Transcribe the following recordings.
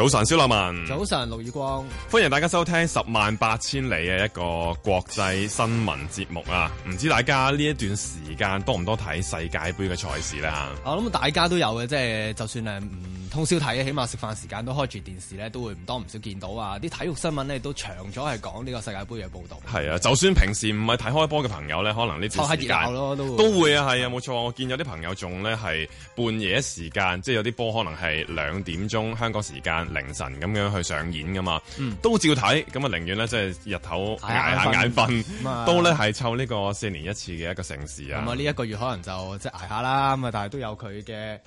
早晨，小立文。早晨，盧宇光。歡迎大家收聽十萬八千里嘅一個國際新聞節目啊！唔知大家呢一段時間多唔多睇世界杯嘅賽事咧吓？我諗大家都有嘅，即係就算係唔通宵睇，起碼食飯時間都開住電視咧，都會唔多唔少見到啊！啲體育新聞咧都長咗係講呢個世界杯嘅報道。係啊，就算平時唔係睇開波嘅朋友咧，可能呢段時間、啊、都會都會啊，係啊，冇錯。我見有啲朋友仲咧係半夜時間，即係有啲波可能係兩點鐘香港時間。凌晨咁樣去上演㗎嘛、嗯，都照睇。咁啊，寧願咧即係日頭捱下眼瞓、嗯，都咧係湊呢個四年一次嘅一個盛事啊、嗯！咁、嗯、啊，呢、嗯、一、嗯嗯、個月可能就即係、就是、捱下啦。咁啊，但係都有佢嘅。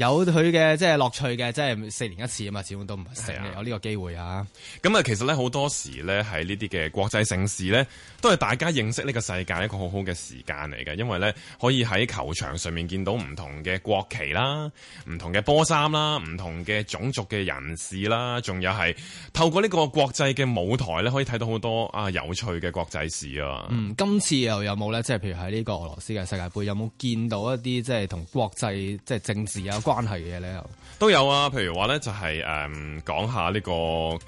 有佢嘅即係樂趣嘅，即係四年一次啊嘛，始終都唔係成日有呢個機會啊。咁啊，其實咧好多時咧喺呢啲嘅國際盛事咧，都係大家認識呢個世界一個好好嘅時間嚟嘅，因為咧可以喺球場上面見到唔同嘅國旗啦、唔同嘅波衫啦、唔同嘅種族嘅人士啦，仲有係透過呢個國際嘅舞台咧，可以睇到好多啊有趣嘅國際事啊。嗯，今次又有冇咧？即係譬如喺呢個俄羅斯嘅世界杯，有冇見到一啲即係同國際即係政治有。關係嘅咧，都有啊。譬如話咧、就是，就係誒，講下呢個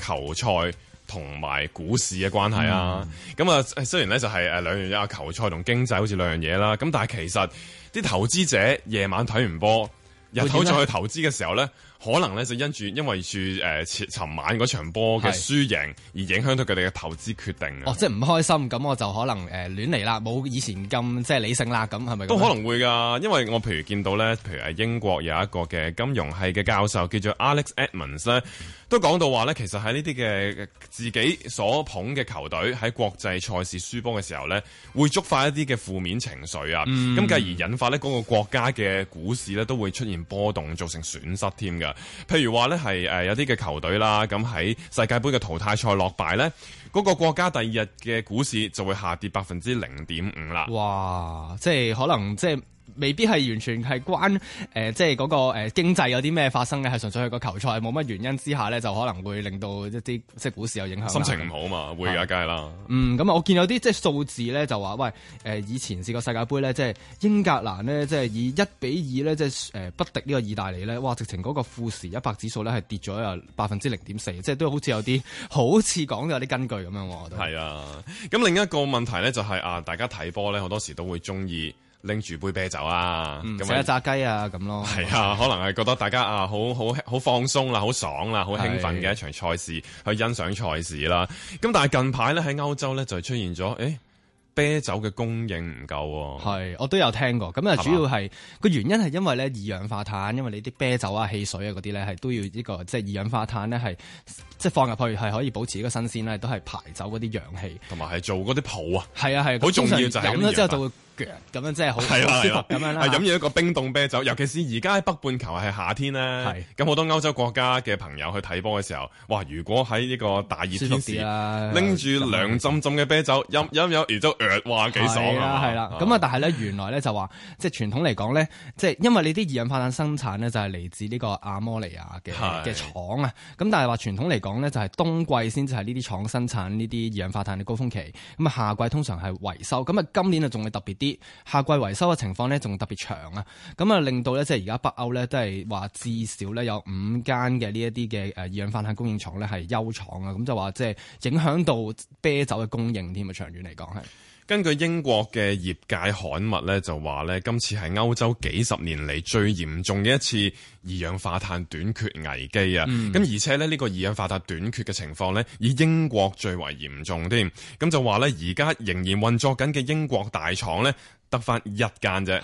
球賽同埋股市嘅關係啊。咁啊，雖然咧就係誒兩樣嘢，球賽同經濟好似兩樣嘢啦。咁但係其實啲投資者夜晚睇完波，日頭再去投資嘅時候咧。可能咧就因住因為住誒尋晚嗰場波嘅輸贏而影響到佢哋嘅投資決定哦，即係唔開心，咁我就可能誒、呃、亂嚟啦，冇以前咁即係理性啦，咁係咪？都可能會㗎，因為我譬如見到咧，譬如係英國有一個嘅金融系嘅教授叫做 Alex Edmonds 咧，都講到話咧，其實喺呢啲嘅自己所捧嘅球隊喺國際賽事輸波嘅時候咧，會觸發一啲嘅負面情緒啊，咁、嗯、繼而引發咧嗰、那個、國家嘅股市咧都會出現波動造成損失添㗎。譬如話咧，係誒有啲嘅球隊啦，咁喺世界盃嘅淘汰賽落敗咧，嗰個國家第二日嘅股市就會下跌百分之零點五啦。哇！即係可能即係。未必係完全係關誒，即係嗰個誒、呃、經濟有啲咩發生嘅，係純粹係個球賽冇乜原因之下咧，就可能會令到一啲即係股市有影響。心情唔好嘛，會啊，梗係啦。嗯，咁啊，我見有啲即係數字咧，就話喂，誒、呃，以前試過世界杯咧，即係英格蘭呢，即係以一比二咧，即係誒不敵呢個意大利咧，哇，直情嗰個富時一百指數咧係跌咗啊百分之零點四，即係都好似有啲好似講有啲根據咁樣，我覺得係啊。咁另一個問題咧就係、是、啊，大家睇波咧，好多時都會中意。拎住杯啤酒啊，咁、嗯、一炸雞啊咁咯，係啊、嗯，可能係覺得大家啊好好好放鬆啦，好爽啦，好興奮嘅一場賽事去欣賞賽事啦。咁但係近排咧喺歐洲咧就出現咗，誒、欸、啤酒嘅供應唔夠、啊。係，我都有聽過。咁啊，主要係個原因係因為咧二氧化碳，因為你啲啤酒啊、汽水啊嗰啲咧係都要呢、這個即係、就是、二氧化碳咧係即係放入去係可以保持呢個新鮮咧，都係排走嗰啲氧氣，同埋係做嗰啲泡啊。係啊係，好重要就係咁。咁樣真係好舒服咁樣啦，飲住、啊啊啊啊、一個冰凍啤酒，尤其是而家喺北半球係夏天啦。係咁好多歐洲國家嘅朋友去睇波嘅時候，哇！如果喺呢個大熱熱天時拎住涼浸浸嘅啤酒飲飲有？而都嘅話幾爽㗎、啊。係啦、啊，咁啊，啊，啊，啊，但係咧原來咧就話即係傳統嚟講咧，即係因為呢啲二氧化碳生產咧就係嚟自呢個阿摩尼亞嘅嘅廠啊。咁但係話傳統嚟講咧就係、是、冬季先至係呢啲廠生產呢啲二氧化碳嘅高峰期。咁啊夏季通常係維修。咁啊今年啊仲會特別。啲夏季維修嘅情況咧，仲特別長啊！咁啊，令到咧即係而家北歐咧都係話至少咧有五間嘅呢一啲嘅誒二氧化碳供應廠咧係休廠啊！咁就話即係影響到啤酒嘅供應添啊，長遠嚟講係，根據英國嘅業界刊物咧，就話咧今次係歐洲幾十年嚟最嚴重嘅一次二氧化碳短缺危機啊！咁、嗯、而且咧呢個二氧化碳短缺嘅情況咧，以英國最為嚴重添。咁就話咧而家仍然運作緊嘅英國大廠咧。得翻一間啫，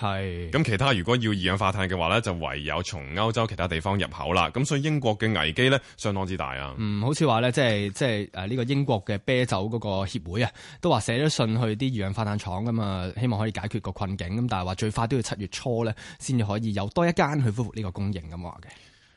咁其他如果要二氧化碳嘅話咧，就唯有從歐洲其他地方入口啦。咁所以英國嘅危機咧，相當之大啊。嗯，好似話咧，即係即係誒呢個英國嘅啤酒嗰個協會啊，都話寫咗信去啲二氧化碳廠咁啊，希望可以解決個困境。咁但係話最快都要七月初咧，先至可以有多一間去恢復呢個供應咁話嘅。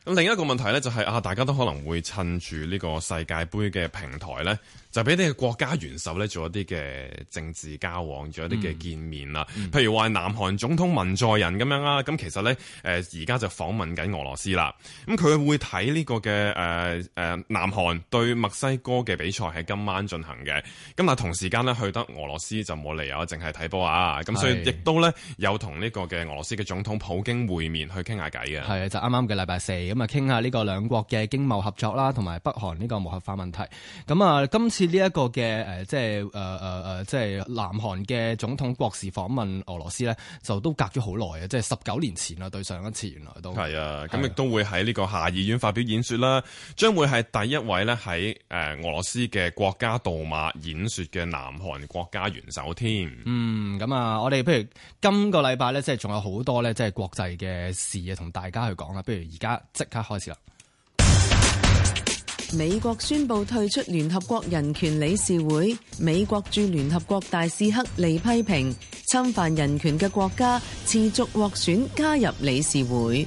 咁另一個問題咧，就係啊，大家都可能會趁住呢個世界杯嘅平台咧，就俾啲嘅國家元首咧做一啲嘅政治交往，做一啲嘅見面啦，嗯。譬如話南韓總統文在寅咁樣啦，咁其實咧誒而家就訪問緊俄羅斯啦。咁佢會睇呢個嘅誒誒南韓對墨西哥嘅比賽係今晚進行嘅。咁但同時間咧去得俄羅斯就冇理由淨係睇波啊。咁所以亦都咧有同呢個嘅俄羅斯嘅總統普京會面去傾下偈嘅。係啊，就啱啱嘅禮拜四。咁啊，傾下呢個兩國嘅經貿合作啦，同埋北韓呢個無核化問題。咁啊，今次呢一個嘅即係即係南韓嘅總統國事訪問俄羅斯咧，就都隔咗好耐啊！即係十九年前啦，對上一次原來都係啊。咁亦、啊、都會喺呢個下議院發表演説啦，將會係第一位咧喺俄羅斯嘅國家杜馬演説嘅南韓國家元首添。嗯，咁啊，我哋不如今個禮拜咧，即係仲有好多咧，即係國際嘅事啊，同大家去講啦。不如而家。即刻開始啦！美國宣佈退出聯合國人權理事會，美國駐聯合國大使黑利批評侵犯人權嘅國家持續獲選加入理事會。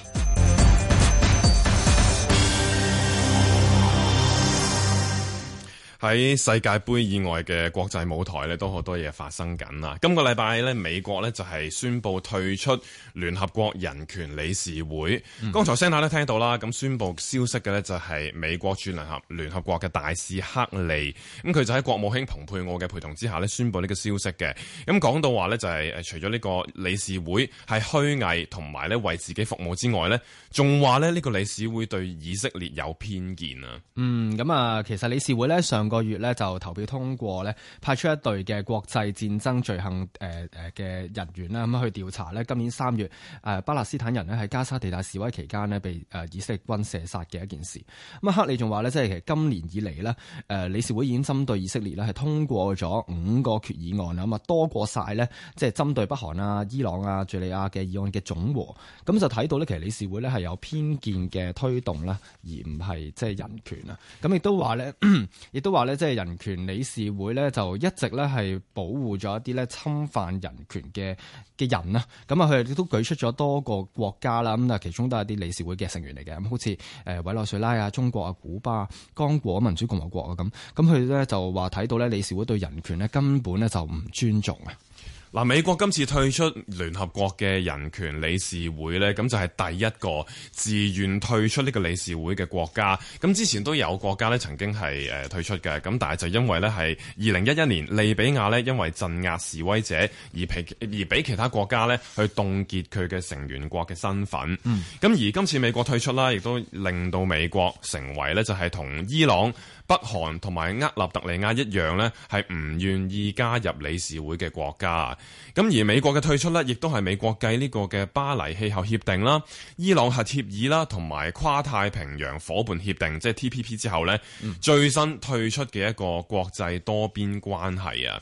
喺世界杯以外嘅國際舞台咧，都好多嘢發生緊啊！今個禮拜咧，美國咧就係、是、宣布退出聯合國人權理事會，剛、嗯、才聲下都聽到啦，咁宣布消息嘅咧就係美國駐聯合聯合國嘅大使克利，咁佢就喺國務卿蓬佩奧嘅陪同之下咧，宣布呢個消息嘅。咁講到話咧，就係、是、誒除咗呢個理事會係虛偽同埋咧為自己服務之外咧，仲話咧呢個理事會對以色列有偏見啊！嗯，咁啊，其實理事會咧上。個月咧就投票通過咧，派出一隊嘅國際戰爭罪行誒誒嘅人員啦，咁去調查咧。今年三月誒巴勒斯坦人呢，喺加沙地帶示威期間呢，被誒以色列軍射殺嘅一件事。咁啊，克里仲話咧，即係其實今年以嚟呢，誒理事會已經針對以色列呢，係通過咗五個決議案，咁啊多過晒呢，即係針對北韓啊、伊朗啊、敍利亞嘅議案嘅總和。咁就睇到呢，其實理事會呢係有偏見嘅推動啦，而唔係即係人權啊。咁亦都話咧，亦都話。咧即係人權理事會咧就一直咧係保護咗一啲咧侵犯人權嘅嘅人啦，咁啊佢哋都舉出咗多個國家啦，咁啊其中都係啲理事會嘅成員嚟嘅，咁好似誒委內瑞拉啊、中國啊、古巴、剛果民主共和國啊咁，咁佢咧就話睇到咧理事會對人權咧根本咧就唔尊重啊。嗱，美國今次退出聯合國嘅人權理事會呢，咁就係第一個自願退出呢個理事會嘅國家。咁之前都有國家呢曾經係、呃、退出嘅，咁但係就因為呢係二零一一年利比亞呢因為鎮壓示威者而被而俾其他國家呢去凍結佢嘅成員國嘅身份。嗯，咁而今次美國退出啦，亦都令到美國成為呢就係、是、同伊朗、北韓同埋厄立特里亞一樣呢係唔願意加入理事會嘅國家。咁而美國嘅退出呢，亦都係美國繼呢個嘅巴黎氣候協定啦、伊朗核協議啦，同埋跨太平洋夥伴協定，即係 TPP 之後呢，嗯、最新退出嘅一個國際多邊關係啊。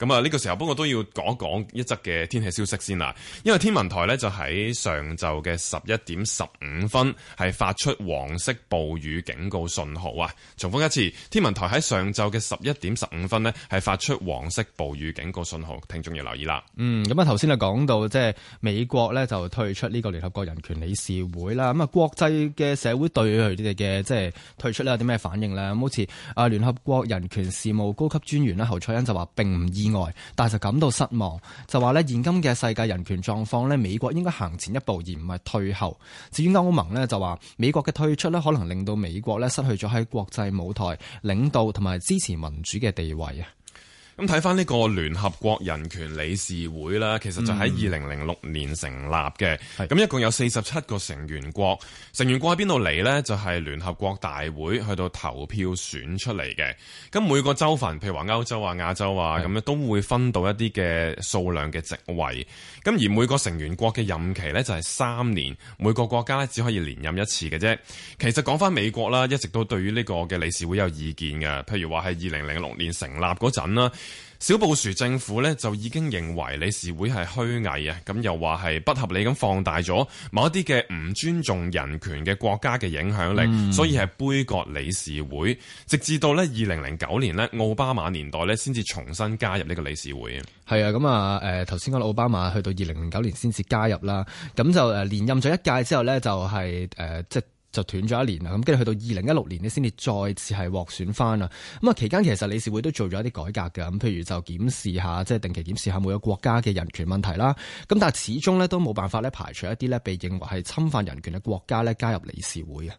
咁啊，呢個時候不過都要講講講一則嘅天氣消息先啦。因為天文台呢，就喺上晝嘅十一點十五分係發出黃色暴雨警告信號啊！重複一次，天文台喺上晝嘅十一點十五分呢，係發出黃色暴雨警告信號，聽眾要留意啦。嗯，咁啊頭先啊講到即係美國呢，就退出呢個聯合國人權理事會啦，咁啊國際嘅社會對佢哋嘅即係退出呢，有啲咩反應呢、啊？咁好似啊聯合國人權事務高級專員咧侯賽因就話並唔意。外，但係就感到失望，就話咧現今嘅世界人權狀況咧，美國應該行前一步而唔係退後。至於歐盟咧，就話美國嘅退出咧，可能令到美國咧失去咗喺國際舞台領導同埋支持民主嘅地位啊。咁睇翻呢個聯合國人權理事會啦，其實就喺二零零六年成立嘅。咁、嗯、一共有四十七個成員國，成員國喺邊度嚟呢？就係、係、聯合國大會去到投票選出嚟嘅。咁每個州份，譬如話歐洲啊、亞洲啊咁樣都會分到一啲嘅數量嘅席位。咁而每個成員國嘅任期呢，就係三年，每個國家呢，只可以連任一次嘅啫。其實講翻美國啦，一直都對於呢個嘅理事會有意見嘅。譬如話喺二零零六年成立嗰陣啦。小布殊政府咧就已經認為理事會係虛偽啊，咁又話係不合理咁放大咗某一啲嘅唔尊重人權嘅國家嘅影響力，嗯、所以係杯葛理事會。直至到咧二零零九年咧奧巴馬年代咧先至重新加入呢個理事會。係啊，咁啊誒頭先講到奧巴馬去到二零零九年先至加入啦，咁就誒連任咗一屆之後咧就係、是、誒、呃、即。就斷咗一年啦，咁跟住去到二零一六年，你先至再次係獲選翻啦。咁啊，期間其實理事會都做咗一啲改革㗎。咁，譬如就檢視下即係、就是、定期檢視下每個國家嘅人權問題啦。咁但係始終咧都冇辦法咧排除一啲咧被認為係侵犯人權嘅國家咧加入理事會嘅。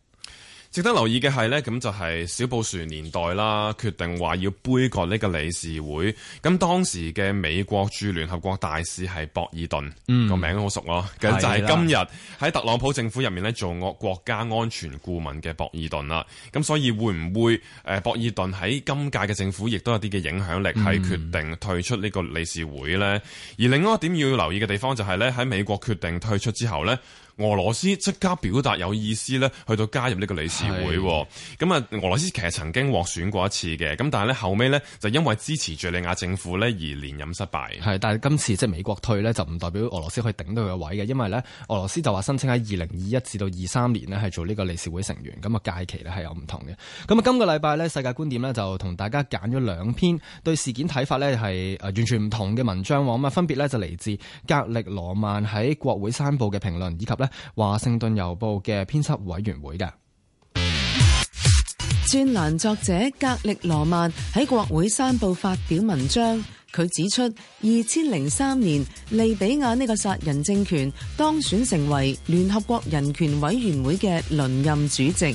值得留意嘅係呢咁就係小布殊年代啦，決定話要杯葛呢個理事會。咁當時嘅美國駐聯合國大使係博爾頓，個、嗯、名好熟咯。咁就係今日喺特朗普政府入面咧做我國家安全顧問嘅博爾頓啦。咁所以會唔會誒博爾頓喺今屆嘅政府亦都有啲嘅影響力，係決定退出呢個理事會呢、嗯？而另一個點要留意嘅地方就係、是、咧，喺美國決定退出之後呢。俄羅斯即刻表達有意思呢去到加入呢個理事會，咁啊俄羅斯其實曾經獲選過一次嘅，咁但係呢後尾呢，就因為支持敘利亞政府呢而連任失敗。係，但係今次即係美國退呢，就唔代表俄羅斯可以頂到佢個位嘅，因為呢俄羅斯就話申請喺二零二一至到二三年呢係做呢個理事會成員，咁啊屆期呢係有唔同嘅。咁啊今個禮拜呢，世界觀點呢就同大家揀咗兩篇對事件睇法呢係誒完全唔同嘅文章喎，咁啊分別呢就嚟自格力羅曼喺國會山報嘅評論，以及呢。華盛頓郵報嘅編輯委員會嘅專欄作者格力羅曼喺國會山報發表文章，佢指出二千零三年利比亞呢個殺人政權當選成為聯合國人權委員會嘅輪任主席，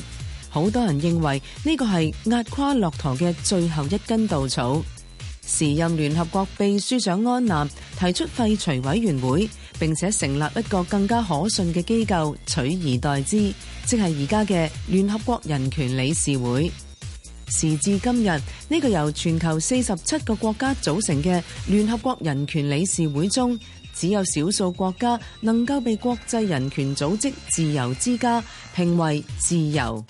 好多人認為呢個係壓垮駱駝嘅最後一根稻草。時任聯合國秘書長安南提出廢除委員會。並且成立一個更加可信嘅機構，取而代之，即係而家嘅聯合國人權理事會。時至今日，呢個由全球四十七個國家組成嘅聯合國人權理事會中，只有少數國家能夠被國際人權組織自由之家評為自由。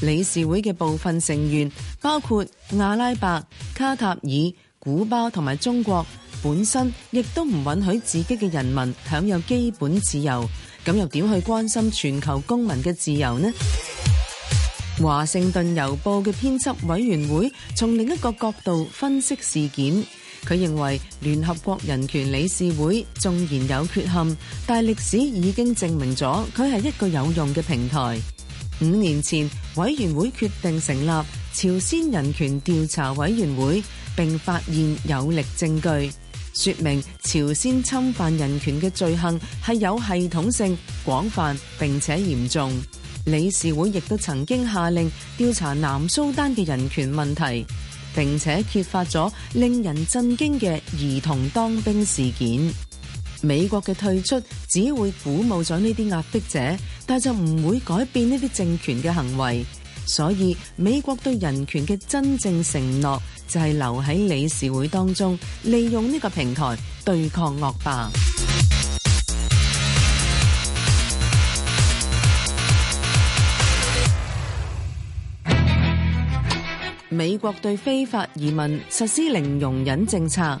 理事會嘅部分成員，包括阿拉伯、卡塔爾、古巴同埋中國。本身亦都唔允許自己嘅人民享有基本自由，咁又點去關心全球公民嘅自由呢？華盛頓郵報嘅編輯委員會從另一個角度分析事件，佢認為聯合國人權理事會縱然有缺陷，但係歷史已經證明咗佢係一個有用嘅平台。五年前，委員會決定成立朝鮮人權調查委員會，並發現有力證據。說明朝鮮侵犯人權嘅罪行係有系統性、廣泛並且嚴重。理事會亦都曾經下令調查南蘇丹嘅人權問題，並且揭發咗令人震驚嘅兒童當兵事件。美國嘅退出只會鼓舞咗呢啲壓迫者，但就唔會改變呢啲政權嘅行為。所以美國對人權嘅真正承諾。就係留喺理事會當中，利用呢個平台對抗惡霸。美國對非法移民實施零容忍政策。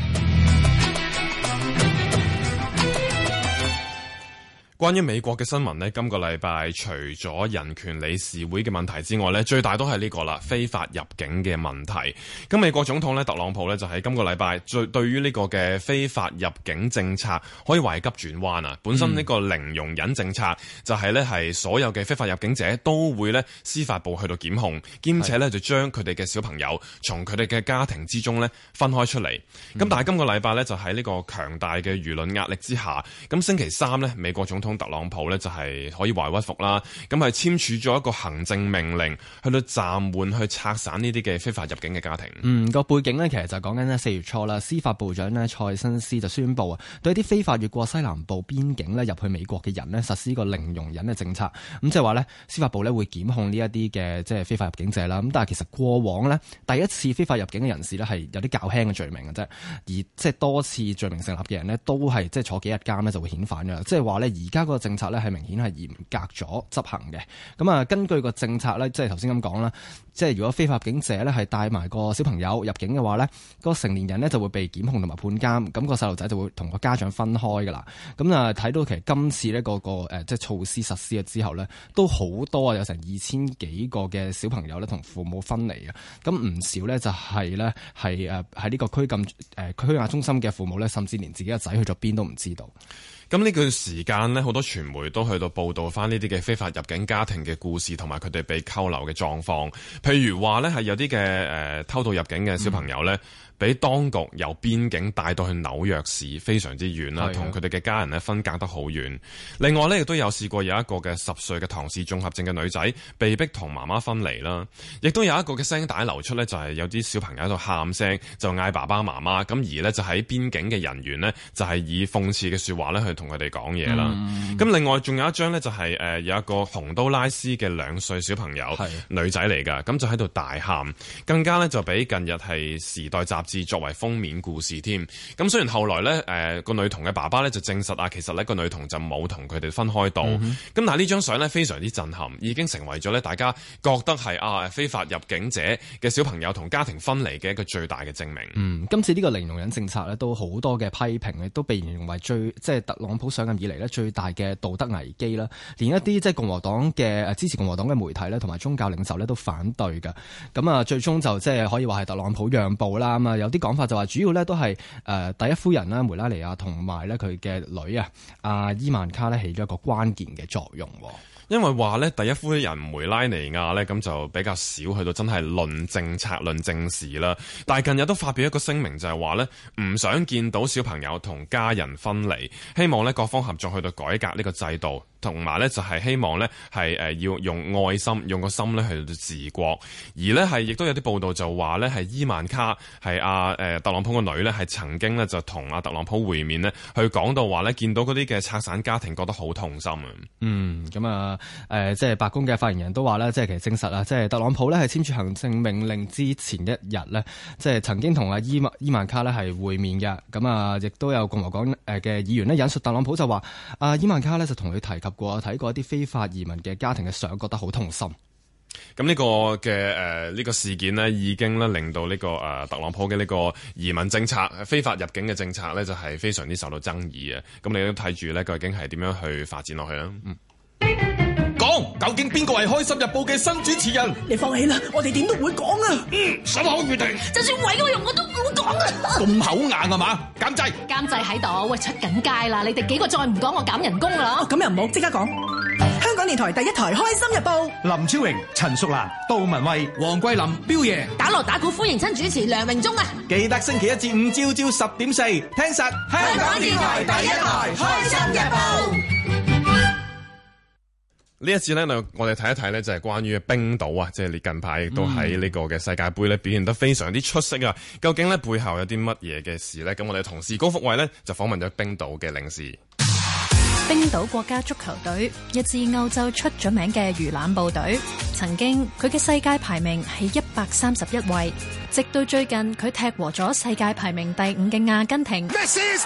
關於美國嘅新聞呢，今個禮拜除咗人權理事會嘅問題之外呢，最大都係呢個啦，非法入境嘅問題。咁美國總統呢，特朗普呢，就喺今個禮拜最對於呢個嘅非法入境政策可以話係急轉彎啊！本身呢個零容忍政策就係呢，係所有嘅非法入境者都會呢，司法部去到檢控，兼且呢就將佢哋嘅小朋友從佢哋嘅家庭之中呢分開出嚟。咁但係今個禮拜呢，就喺呢個強大嘅輿論壓力之下，咁星期三呢，美國總統。特朗普呢就係可以話屈服啦，咁係簽署咗一個行政命令，去到暫緩去拆散呢啲嘅非法入境嘅家庭。嗯，個背景呢，其實就講緊呢四月初啦，司法部長呢，蔡新斯就宣布啊，對一啲非法越過西南部邊境呢入去美國嘅人呢實施個零容忍嘅政策。咁即係話呢，司法部呢會檢控呢一啲嘅即係非法入境者啦。咁但係其實過往呢，第一次非法入境嘅人士呢係有啲較輕嘅罪名嘅啫，而即係多次罪名成立嘅人呢，都係即係坐幾日監呢就會遣返嘅。即係話呢，而家。而家個政策咧係明顯係嚴格咗執行嘅。咁啊，根據個政策咧，即係頭先咁講啦，即係如果非法警者咧係帶埋個小朋友入境嘅話咧，嗰、嗰個成年人咧就會被檢控同埋判監，咁、嗰個細路仔就會同個家長分開噶啦。咁啊，睇到其實今次咧、嗰個個誒即係措施實施咗之後咧，都好多啊，有成二千幾個嘅小朋友咧同父母分離嘅。咁唔少咧就係咧係誒喺呢個拘禁誒拘押中心嘅父母咧，甚至連自己嘅仔去咗邊都唔知道。咁呢段時間咧，好多傳媒都去到報道翻呢啲嘅非法入境家庭嘅故事，同埋佢哋被扣留嘅狀況，譬如話咧，係有啲嘅誒偷渡入境嘅小朋友咧，俾、嗯、當局由邊境帶到去紐約市，非常之遠啦，同佢哋嘅家人咧分隔得好遠、嗯。另外咧，亦都有試過有一個嘅十歲嘅唐氏綜合症嘅女仔被逼同媽媽分離啦。亦都有一個嘅聲帶流出咧，就係、是、有啲小朋友喺度喊聲就嗌爸爸媽媽，咁而咧就喺邊境嘅人員咧，就係、是、以諷刺嘅說話咧去。同佢哋講嘢啦。咁、嗯、另外仲有一張呢，就係誒有一個洪都拉斯嘅兩歲小朋友，女仔嚟㗎，咁就喺度大喊。更加呢就俾近日係《時代雜誌》作為封面故事添。咁雖然後來呢誒個女童嘅爸爸呢就證實啊，其實呢個女童就冇同佢哋分開到。咁、嗯、但係呢張相呢非常之震撼，已經成為咗呢大家覺得係啊非法入境者嘅小朋友同家庭分離嘅一個最大嘅證明。嗯，今次呢個零容忍政策呢都好多嘅批評呢都被形容為最即係特特朗普上任以嚟咧最大嘅道德危機啦，連一啲即係共和黨嘅支持共和黨嘅媒體咧，同埋宗教領袖咧都反對嘅。咁啊，最終就即係可以話係特朗普讓步啦。咁啊，有啲講法就話主要咧都係誒第一夫人啦梅拉尼亞同埋咧佢嘅女啊阿伊曼卡咧起咗一個關鍵嘅作用。因為話咧，第一夫人梅拉尼亞咧，咁就比較少去到真係論政策、論政事啦。但係近日都發表一個聲明，就係話咧，唔想見到小朋友同家人分離，希望咧各方合作去到改革呢個制度。同埋咧就係希望咧係要用愛心用個心咧去治國，而呢係亦都有啲報道就話呢係伊萬卡係阿、啊、特朗普個女呢係曾經呢就同阿特朗普會面呢，去講到話呢見到嗰啲嘅拆散家庭覺得好痛心啊！嗯，咁啊即係白宮嘅發言人都話呢，即係其實證實啊，即係特朗普呢係簽署行政命令之前一日呢，即係曾經同阿伊萬伊萬卡呢係會面嘅。咁、嗯、啊，亦都有共和黨嘅議員呢引述特朗普就話：阿伊萬卡呢就同佢提及。過睇過一啲非法移民嘅家庭嘅相，覺得好痛心。咁呢個嘅、誒呢個事件咧，已經咧令到呢，這個誒，呃，特朗普嘅呢個移民政策，非法入境嘅政策呢，就係非常之受到爭議嘅。咁你都睇住呢，究竟係點樣去發展落去啊？嗯究竟邊個係開心日報嘅新主持人？你放棄啦，我哋點都會講啊！嗯，守口如鐵，就算毀我容我都唔會講啊！咁口硬啊嘛，監製，監製喺度，喂，出緊街啦！你哋幾個再唔講我減人工啦！咁又唔好即刻講，香港電台第一台開心日報，林超榮、陳淑蘭、杜文蔚、黃桂林、彪爺，打鑼打鼓歡迎新主持梁榮忠啊！記得星期一至五朝朝十點四聽實香港電台第一台開心日報。呢一次呢，我哋睇一睇呢，就係關於冰島啊，即係你近排亦都喺呢個嘅世界杯咧表現得非常之出色啊！究竟咧背後有啲乜嘢嘅事咧？咁我哋同事高福慧咧就訪問咗冰島嘅領事。冰島國家足球隊，一支歐洲出咗名嘅魚腩部隊，曾經佢嘅世界排名係一百三十一位，直到最近佢踢和咗世界排名第五嘅阿根廷。This is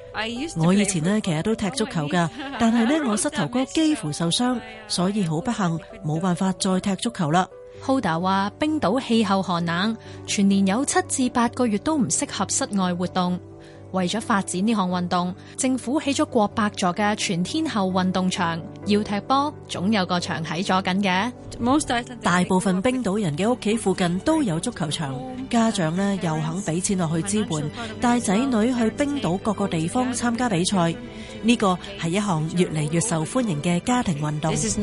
我以前呢，其實都踢足球㗎，oh、但係呢，我膝頭哥幾乎受傷， 所以好不幸冇辦法再踢足球啦。Hoda 話冰島氣候寒冷，全年有七至八個月都唔適合室外活動。為咗發展呢項運動，政府起咗過百座嘅全天候運動場，要踢波總有個場喺咗緊嘅。大部分冰島人嘅屋企附近都有足球場，家長又肯俾錢落去支援，帶仔女去冰島各個地方參加比賽。呢個係一項越嚟越受歡迎嘅家庭運動。喺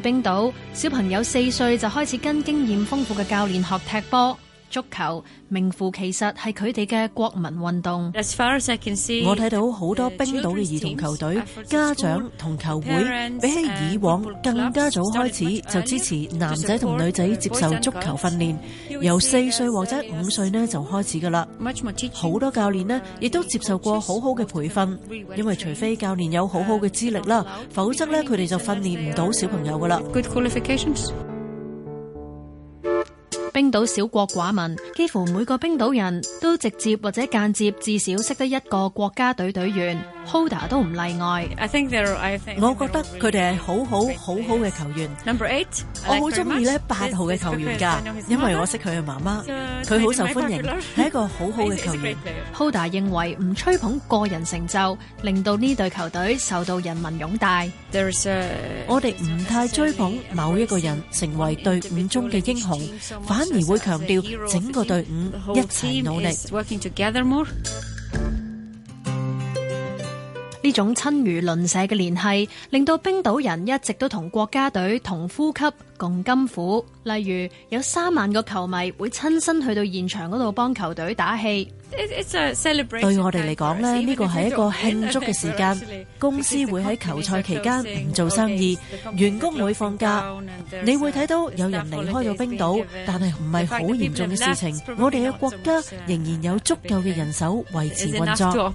冰島，小朋友四歲就開始跟經驗豐富嘅教練學踢波。足球名副其實係佢哋嘅國民運動。我睇到好多冰島嘅兒童球隊家長同球會，比起以往更加早開始就支持男仔同女仔接受足球訓練，由四歲或者五歲呢就開始噶啦。好多教練呢亦都接受過好好嘅培訓，因為除非教練有好好嘅資歷啦，否則咧佢哋就訓練唔到小朋友噶啦。冰島小國寡民，幾乎每個冰島人都直接或者間接至少識得一個國家隊隊員。Hoda 都唔例外，我覺得佢哋係好好好好嘅球員。Number eight，我好中意咧八號嘅球員㗎，因為我識佢嘅媽媽，佢好受歡迎，係一個好好嘅球員。Hoda 認為唔吹捧個人成就，令到呢隊球隊受到人民擁戴。There is a，我哋唔太追捧某一個人成為隊伍中嘅英雄，反而會強調整個隊伍一齊努力。呢種親如鄰舍嘅聯繫，令到冰島人一直都同國家隊同呼吸共甘苦。例如，有三萬個球迷會親身去到現場嗰度幫球隊打氣。It's a celebration. 對我哋嚟講咧，呢個係一個慶祝嘅時間。公司會喺球賽期間唔做生意，員工會放假。你會睇到有人離開咗冰島，但係唔係好嚴重嘅事情。我哋嘅國家仍然有足夠嘅人手維持運作。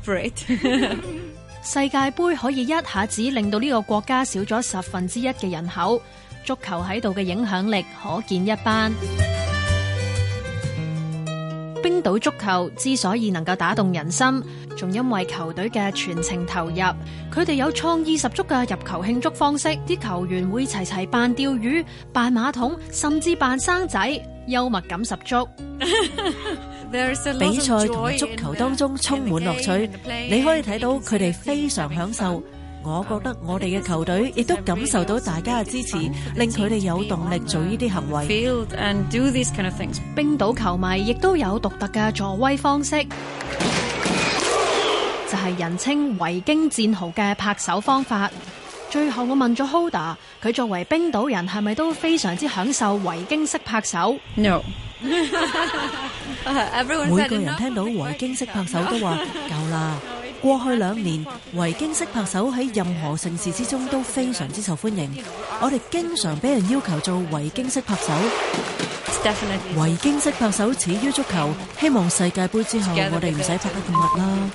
世界盃可以一下子令到呢個國家少咗十分之一嘅人口，足球喺度嘅影響力可見一斑。冰島足球之所以能夠打動人心，仲因為球隊嘅全程投入，佢哋有創意十足嘅入球慶祝方式，啲球員會齊齊扮釣魚、扮馬桶，甚至扮生仔，幽默感十足。 比賽同足球當中充滿樂趣，你可以睇到佢哋非常享受。我覺得我哋嘅球隊亦都感受到大家嘅支持，令佢哋有動力做呢啲行為。冰島球迷亦都有獨特嘅助威方式，就係人稱「維京戰壕」嘅拍手方法。最後我問咗 Hodar，佢作為冰島人係咪都非常之享受維京式拍手？No。每個人聽到維京式拍手都話夠啦！過去兩年，維京式拍手喺任何城市之中都非常之受歡迎。我哋經常俾人要求做維京式拍手。維京式拍手始於足球，希望世界杯之後我哋唔使拍得咁密啦。